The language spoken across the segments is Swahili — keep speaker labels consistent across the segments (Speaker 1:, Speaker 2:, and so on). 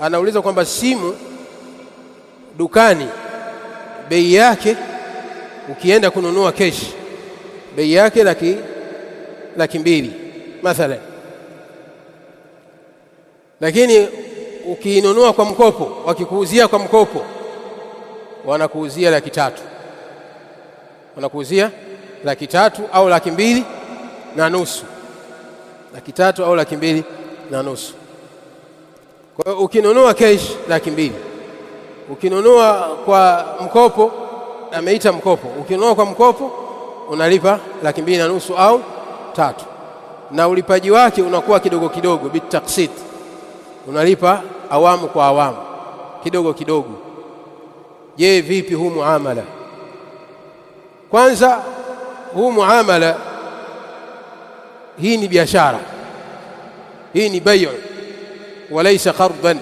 Speaker 1: Anauliza kwamba simu dukani bei yake ukienda kununua keshi bei yake laki, laki mbili mathalan, lakini ukiinunua kwa mkopo, wakikuuzia kwa mkopo wanakuuzia laki tatu, wanakuuzia laki tatu au laki mbili na nusu, laki tatu au laki mbili na nusu. Kwa hiyo ukinunua cash laki mbili, ukinunua kwa mkopo, ameita mkopo, ukinunua kwa mkopo unalipa laki mbili na nusu au tatu, na ulipaji wake unakuwa kidogo kidogo, bitaksit, unalipa awamu kwa awamu, kidogo kidogo. Je, vipi huu muamala? Kwanza huu muamala, hii ni biashara, hii ni bai'u walaisa qardan.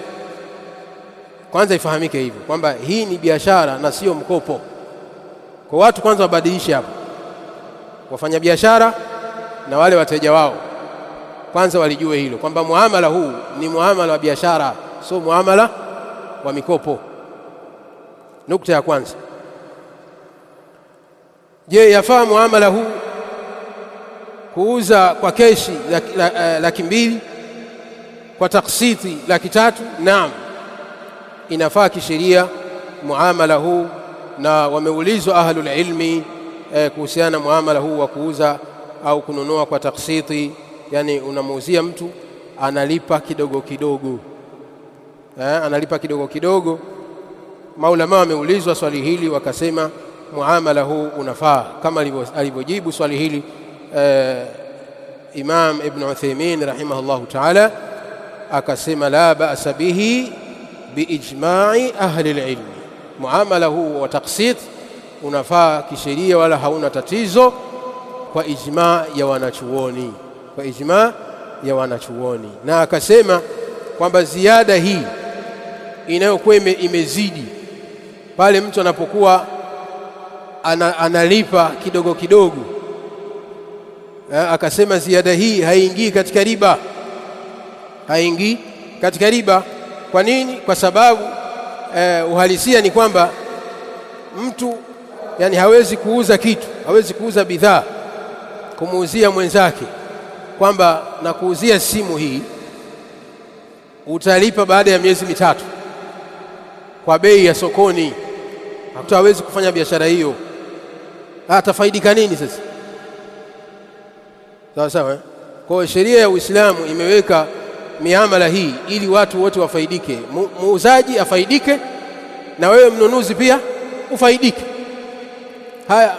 Speaker 1: Kwanza ifahamike hivyo kwamba hii ni biashara na sio mkopo. Kwa watu kwanza wabadilishe hapo, wafanya biashara na wale wateja wao kwanza walijue hilo kwamba muamala huu ni muamala wa biashara, sio muamala wa mikopo. Nukta ya kwanza. Je, yafaa muamala huu kuuza kwa keshi laki eh, mbili kwa taksiti laki tatu. Naam, inafaa kisheria muamala huu, na wameulizwa ahlul ilmi eh, kuhusiana na muamala huu wa kuuza au kununua kwa taksiti, yani unamuuzia mtu analipa kidogo kidogo eh, analipa kidogo kidogo. Maulama wameulizwa swali hili wakasema muamala huu unafaa kama alivyojibu swali hili eh, Imam Ibn Uthaymeen rahimahullahu taala akasema la ba'sa bihi biijma'i ahli lilmi, muamala huu wa taksit unafaa kisheria, wala hauna tatizo kwa ijma ya wanachuoni, kwa ijma ya wanachuoni. Na akasema kwamba ziada hii inayokuwa imezidi pale mtu anapokuwa ana, analipa kidogo kidogo, eh, akasema ziada hii haingii katika riba haingii katika riba. Kwa nini? Kwa sababu eh, uhalisia ni kwamba mtu yani hawezi kuuza kitu, hawezi kuuza bidhaa kumuuzia mwenzake kwamba nakuuzia simu hii utalipa baada ya miezi mitatu kwa bei ya sokoni. Mtu hawezi kufanya biashara hiyo, atafaidika nini sasa? Sawa sawa, eh? Kwa sheria ya Uislamu imeweka miamala hii ili watu wote wafaidike, muuzaji afaidike na wewe mnunuzi pia ufaidike. Haya,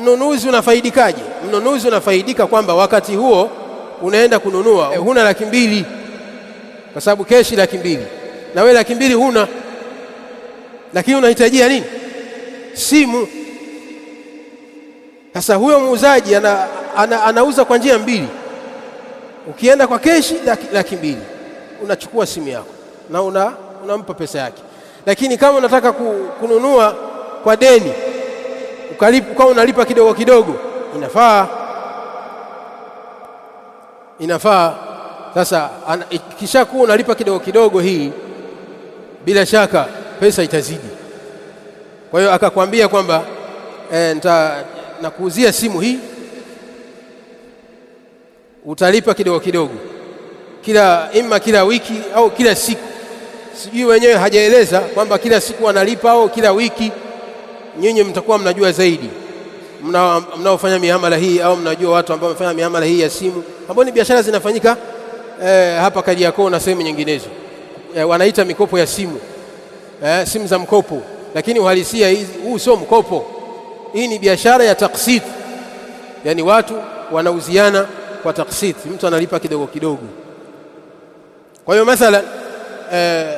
Speaker 1: mnunuzi unafaidikaje? Mnunuzi unafaidika kwamba wakati huo unaenda kununua, e, huna laki mbili kwa sababu keshi laki mbili na wewe laki mbili huna, lakini unahitajia nini? Simu. Sasa huyo muuzaji ana, ana, anauza kwa njia mbili Ukienda kwa keshi laki mbili, unachukua simu yako na una, unampa pesa yake. Lakini kama unataka kununua kwa deni ukalipa, ukawa unalipa kidogo kidogo, inafaa inafaa. Sasa kisha kuwa unalipa kidogo kidogo, hii bila shaka pesa itazidi. Kwa hiyo akakwambia kwamba e, nita nakuuzia simu hii utalipa kidogo kidogo, kila ima kila wiki au kila siku. Sijui wenyewe hajaeleza kwamba kila siku wanalipa au kila wiki. Nyinyi mtakuwa mnajua zaidi, mnaofanya miamala hii au mnajua watu ambao wamefanya miamala hii ya simu, ambao ni biashara zinafanyika eh, hapa Kariakoo na sehemu nyinginezo eh, wanaita mikopo ya simu eh, simu za mkopo, lakini uhalisia huu sio mkopo. Hii ni biashara ya taksit, yani watu wanauziana kwa taksit, mtu analipa kidogo kidogo. Kwa hiyo mathalan eh,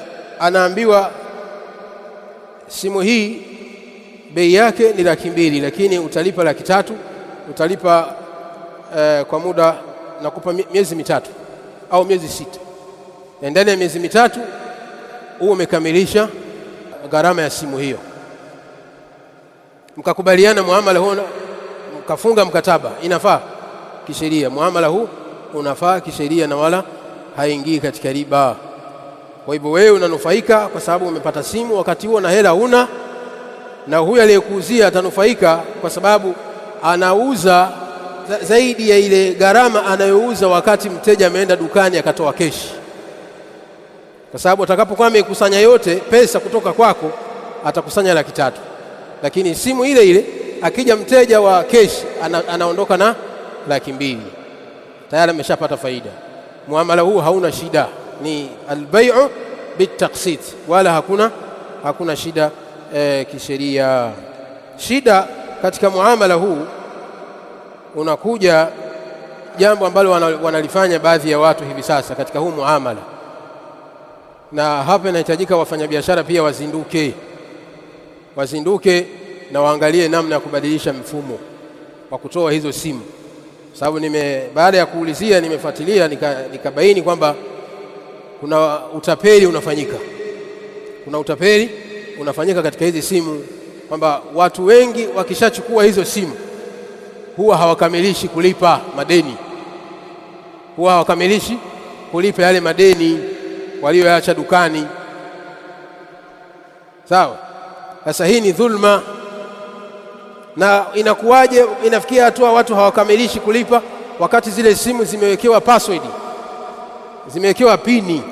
Speaker 1: anaambiwa simu hii bei yake ni laki mbili, lakini utalipa laki tatu, utalipa eh, kwa muda nakupa miezi mitatu au miezi sita, na ndani ya miezi mitatu huo umekamilisha gharama ya simu hiyo, mkakubaliana muamala huo, mkafunga mkataba, inafaa kisheria, muamala huu unafaa kisheria na wala haingii katika riba. Kwa hivyo wewe unanufaika kwa sababu umepata simu wakati huo na hela una na huyu aliyekuuzia atanufaika kwa sababu anauza zaidi ya ile gharama anayouza wakati mteja ameenda dukani akatoa keshi, kwa sababu atakapokuwa amekusanya yote pesa kutoka kwako atakusanya laki tatu, lakini simu ile ile akija mteja wa keshi ana, anaondoka na laki mbili tayari ameshapata faida. Muamala huu hauna shida, ni albaiu bitaksit, wala hakuna, hakuna shida e, kisheria. Shida katika muamala huu unakuja jambo ambalo wanalifanya baadhi ya watu hivi sasa katika huu muamala, na hapa inahitajika wafanyabiashara pia wazinduke, wazinduke na waangalie namna ya kubadilisha mfumo wa kutoa hizo simu sababu nime baada ya kuulizia nimefuatilia nikabaini nika kwamba kuna utapeli unafanyika, kuna utapeli unafanyika katika hizi simu, kwamba watu wengi wakishachukua hizo simu huwa hawakamilishi kulipa madeni, huwa hawakamilishi kulipa yale madeni walioyaacha dukani. Sawa, sasa hii ni dhulma na inakuwaje, inafikia hatua watu hawakamilishi kulipa wakati zile simu zimewekewa password, zimewekewa pini,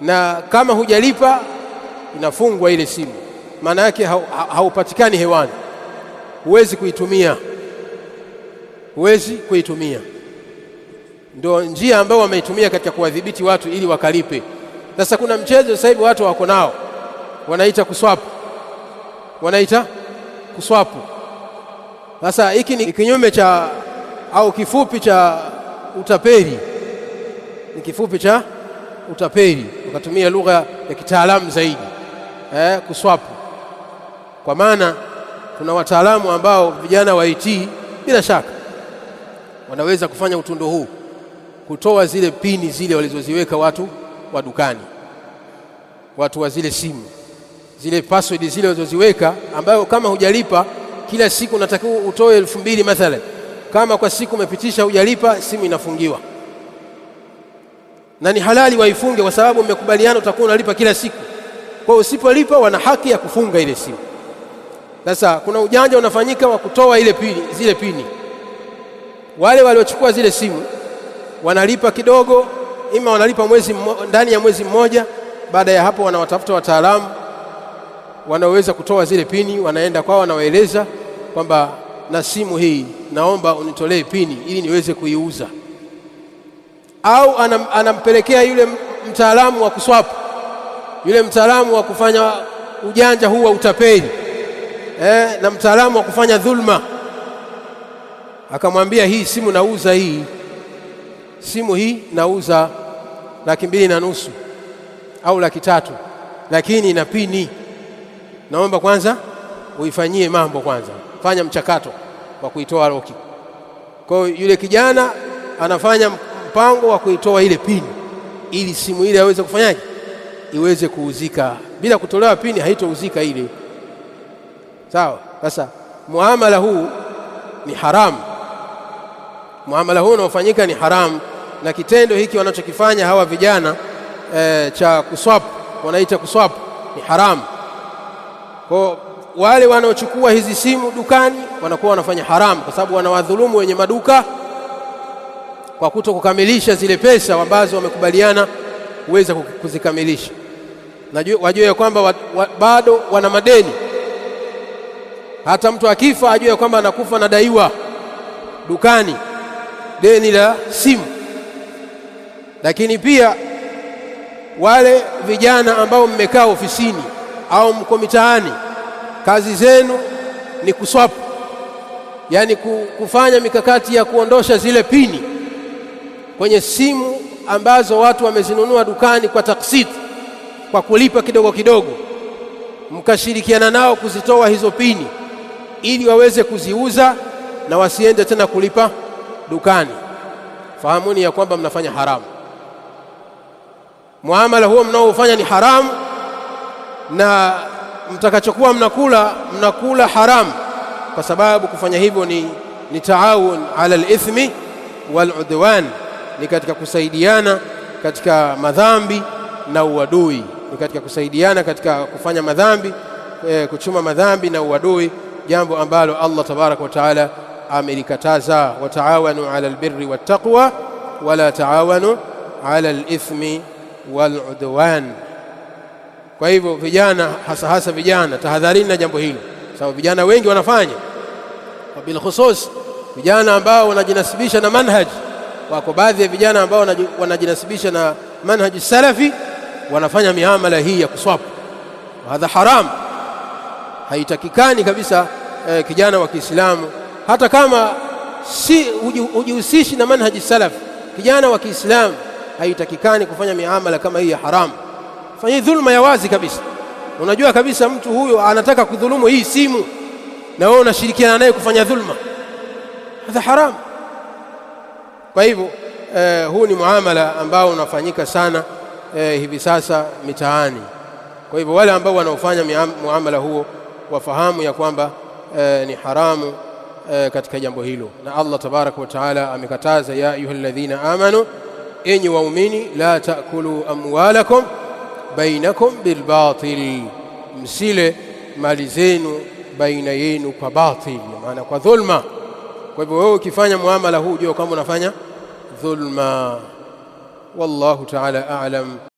Speaker 1: na kama hujalipa inafungwa ile simu, maana yake haupatikani hewani, huwezi kuitumia, huwezi kuitumia. Ndio njia ambayo wameitumia katika kuwadhibiti watu ili wakalipe. Sasa kuna mchezo sasa hivi watu wako nao, wanaita kuswap, wanaita kuswapu. Sasa hiki ni kinyume cha au kifupi cha utapeli, ni kifupi cha utapeli, wakatumia lugha ya kitaalamu zaidi eh, kuswapu. Kwa maana kuna wataalamu ambao vijana wa IT bila shaka wanaweza kufanya utundo huu, kutoa zile pini zile walizoziweka watu wa dukani, watu wa zile simu zile password zile ulizoziweka, ambayo kama hujalipa kila siku unatakiwa utoe elfu mbili mathalan. Kama kwa siku umepitisha hujalipa, simu inafungiwa, na ni halali waifunge, kwa sababu mmekubaliana utakuwa unalipa kila siku. Kwa usipolipa, wana haki ya kufunga ile simu. Sasa kuna ujanja unafanyika wa kutoa ile pini, zile pini. Wale waliochukua zile simu wanalipa kidogo, ima wanalipa mwezi ndani ya mwezi mmoja. Baada ya hapo, wanawatafuta wataalamu wanaoweza kutoa zile pini wanaenda kwao, wanawaeleza kwamba na simu hii naomba unitolee pini ili niweze kuiuza, au anam, anampelekea yule mtaalamu wa kuswapu, yule mtaalamu wa kufanya ujanja huu wa utapeli eh, na mtaalamu wa kufanya dhulma, akamwambia hii simu nauza, hii simu hii nauza laki mbili na nusu au laki tatu, lakini ina pini naomba kwanza uifanyie mambo kwanza, fanya mchakato wa kuitoa roki Kwa hiyo yule kijana anafanya mpango wa kuitoa ile pini ili simu ile aweze kufanyaje, iweze kuuzika. Bila kutolewa pini haitouzika ile, sawa. Sasa muamala huu ni haramu, muamala huu unaofanyika ni haramu, na kitendo hiki wanachokifanya hawa vijana e, cha kuswap, wanaita kuswap ni haramu. Kwa wale wanaochukua hizi simu dukani wanakuwa wanafanya haramu, kwa sababu wanawadhulumu wenye maduka kwa kuto kukamilisha zile pesa ambazo wamekubaliana kuweza kuzikamilisha. Najua wajue ya kwamba wa, wa, bado wana madeni. Hata mtu akifa ajue ya kwamba anakufa na daiwa dukani deni la simu. Lakini pia wale vijana ambao mmekaa ofisini au mko mitaani, kazi zenu ni kuswapu, yani kufanya mikakati ya kuondosha zile pini kwenye simu ambazo watu wamezinunua dukani kwa taksiti, kwa kulipa kidogo kidogo, mkashirikiana nao kuzitoa hizo pini ili waweze kuziuza na wasiende tena kulipa dukani. Fahamuni ya kwamba mnafanya haramu. Muamala huo mnaofanya ni haramu na mtakachokuwa mnakula mnakula haramu, kwa sababu kufanya hivyo ni, ni taawun ala alithmi waludwan, ni katika kusaidiana katika madhambi na uadui, ni katika kusaidiana katika kufanya madhambi e, kuchuma madhambi na uadui, jambo ambalo Allah tabaraka wa taala amelikataza, wataawanu ala albirri wattaqwa wala taawanu ala lithmi waludwan. Kwa hivyo vijana, hasa hasa vijana, tahadharini na jambo hilo, sababu vijana wengi wanafanya, kwa bilkhusus vijana ambao wanajinasibisha na manhaji. Wako baadhi ya vijana ambao wanajinasibisha na manhaji salafi, wanafanya miamala hii ya kuswapu. Hadha haram, haitakikani kabisa. Eh, kijana wa Kiislamu hata kama si hujihusishi na manhaji salafi, kijana wa Kiislamu haitakikani kufanya miamala kama hii ya haramu. Fanya dhulma ya wazi kabisa, unajua kabisa mtu huyo anataka kudhulumu hii simu, na wewe unashirikiana naye kufanya dhulma, hadha haramu. Kwa hivyo eh, huu ni muamala ambao unafanyika sana eh, hivi sasa mitaani. Kwa hivyo wale ambao wanaofanya muamala huo wafahamu ya kwamba eh, ni haramu eh, katika jambo hilo, na Allah tabaraka wa taala amekataza, ya ayuha alladhina amanu, enyi waumini, la taakulu amwalakum bainakum bilbatil, msile mali zenu baina yenu kwa batil, maana kwa dhulma. Kwa hivyo wewe ukifanya muamala huu, jua kama unafanya dhulma. Wallahu taala a'lam.